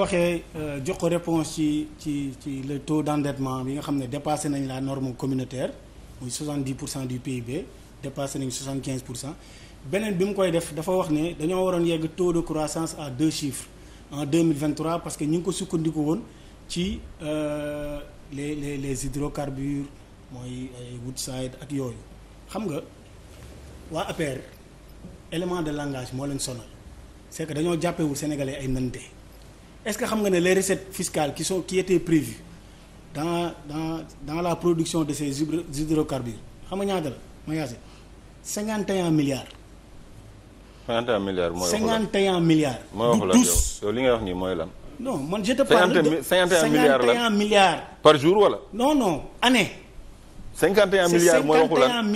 waxee euh, jox ko réponse ci ci ci le taux d'endettement bi nga xam ne dépassé nañ la norme communautaire muy pour cent du PIB dépassé nañ 75 pour cent beneen bi mu koy def dafa wax ne dañoo waroon yegg taux de croissance à deux chiffres en 2023 parce que ñu ngi ko sukkandiku woon ci euh, les les les hydrocarbures mooy ay Woodside ak yooyu xam nga waa APR élément de langage moo leen sonal c'est que dañoo jàppewul sénégalais ay nante est-ce que xam nga ne les recettes fiscales qui sont qui étaient prévues dans dans dans la production de ces hydrocarbures xam nga ñaata la ma yaase 51 milliards. 51 milliards mooy. 51 mooy waxu la yow li nga wax nii mooy lan. non man je te parle de 51 milliards 51 par jour wala. non non année. 51 milliards mooy waxu lan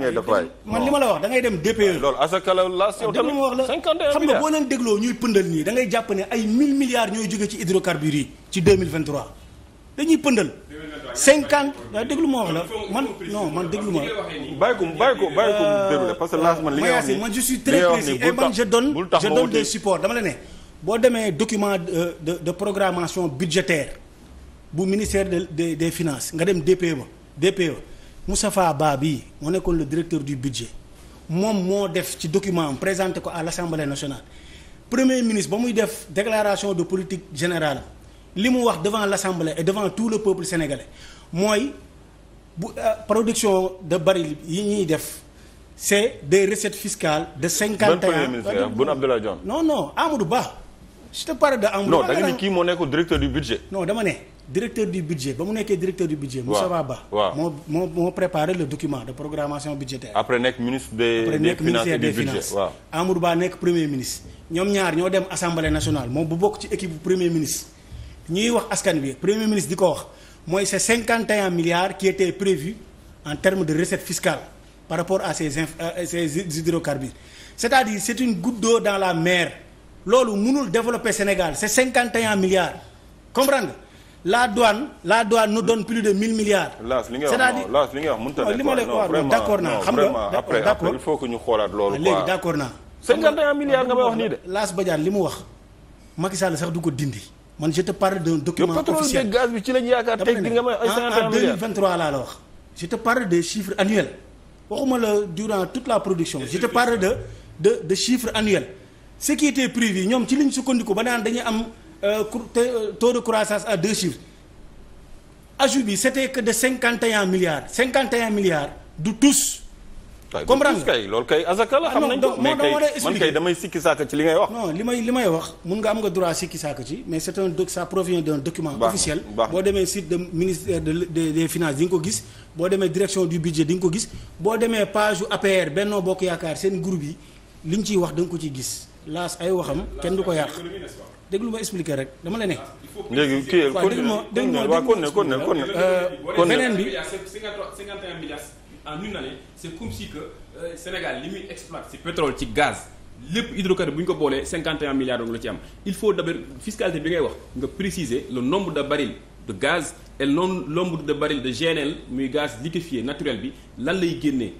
51 man li ma la wax da ngay dem DPE. loolu asaka la laas yow tamit 51 milliards xam nga boo leen dégloo ñuy pëndal nii da ngay jàpp ne ay 1000 milliards ñooy jóge ci hydrocarbures yi ci 2023 dañuy pëndal. 50 waaye déglu ma wax la man non man déglu ma. bàyyi ko bàyyi ko bàyyi ko mu euh, déroulé parce que laas man li nga wax nii man je suis très précis et eh man la ne boo demee document de de programmation budgétaire bu ministère des des finances nga dem DPE DPE Moustapha Ba bi moo nekkoon le directeur du budget moom moo def ci document présenté ko à l'Assemblée nationale premier ministre ba muy def déclaration de politique générale li mu wax devant l'Assemblée et devant tout le peuple sénégalais mooy bu euh, production de baril yi ñuy def c'est des recettes fiscales de cinquante et un Boun Abdallah Dionne non non Amadou Ba je te parle de Amadou Ba non da nga ni moo nekkoon directeur du budget dama ne directeur du budget ba mu nekkee directeur du budget. waaw Moussa Ba waaw moo moo moo préparé le document de programmation budgétaire. après nekk ministre des après nekk ministère des finances waaw. Ba nekk premier ministre. ñoom ñaar ñoo dem assemblée nationale moom bu bokk ci équipe premier ministre ñuy wax askan bi premier ministre di ko wax mooy c'est 51 milliards qui étaient prévus en terme de recettes fiscales par rapport à ces inf euh, euh, ces c'est-à-dire c'est une goutte dans la mer loolu mënul développer Sénégal c'est 51 milliards comprendre la douane la douane nous donne plus de 1000 milliards. c'est-à-dire laas li nga wax mënut a nekk li ma lay wax naa xam nga après après il faut que ñu xoolaat loolu. Ah, quoi léegi d'accord wax nii sax du ko dindi man je te parle d'un document officiel. le pétrole bi ci lañ yaakaar teg di nga may ay 51 milliards en 2023 laa la wax. je te parle des chiffres waxuma la durant toute la production je te parle de de de chiffres annuels ce qui ñoom ci liñ sukkandiku ba naan dañu am. Euh, euh, taux de croissance à deux chiffres ajout bi c'était que de cinquante et un milliards cinquante et un milliards du tous. comprendre nga kay loolu kay azaka la ah, xam nañ ko man kay damay sikki saaka ci li ngay wax. non li may li may wax mun nga am nga droit sikki saaka ci mais c'est un doc ça provient d'un document officiel boo demee site de ministère euh, de des finances di nga ko gis boo demee direction du budget di nga ko gis boo demee page yu APR Benno Bokk Yaakaar seen groupe y li ñu ciy wax da ko ciy gis laas ay waxam kenn du ko yàq. déglu ma expliquer rek dama la ne. léegi kii yëpp kon ne waaw kon ne kon ne kon ne euh, beneen bi. 51 milliards en une euh, li muy exploite ci pétrole ci gaz. lépp hydrocarbures bu ñu ko boolee 51 milliards donc la ci am il faut d'abord fiscalité bi ngay wax nga préciser le nombre de barils de gaz et le nombre de barils de GNL muy gaz liquéfié naturel bi lan lay génnee.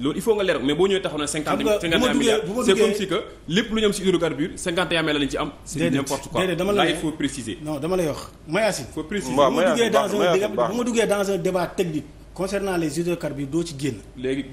loolu il faut nga leer mais boo ñëwee taxaw na cinquante milliards c'est comme si que lépp lu ñu am ci hydrocarbure cinquante et un lañ ci am c'est n'importe quoi là il faut préciser non dama lay wax Mayacine faut préciser bu ma duggee dans un bu ma duggee dans un débat technique concernant les hydrocarbures doo ci génn léegi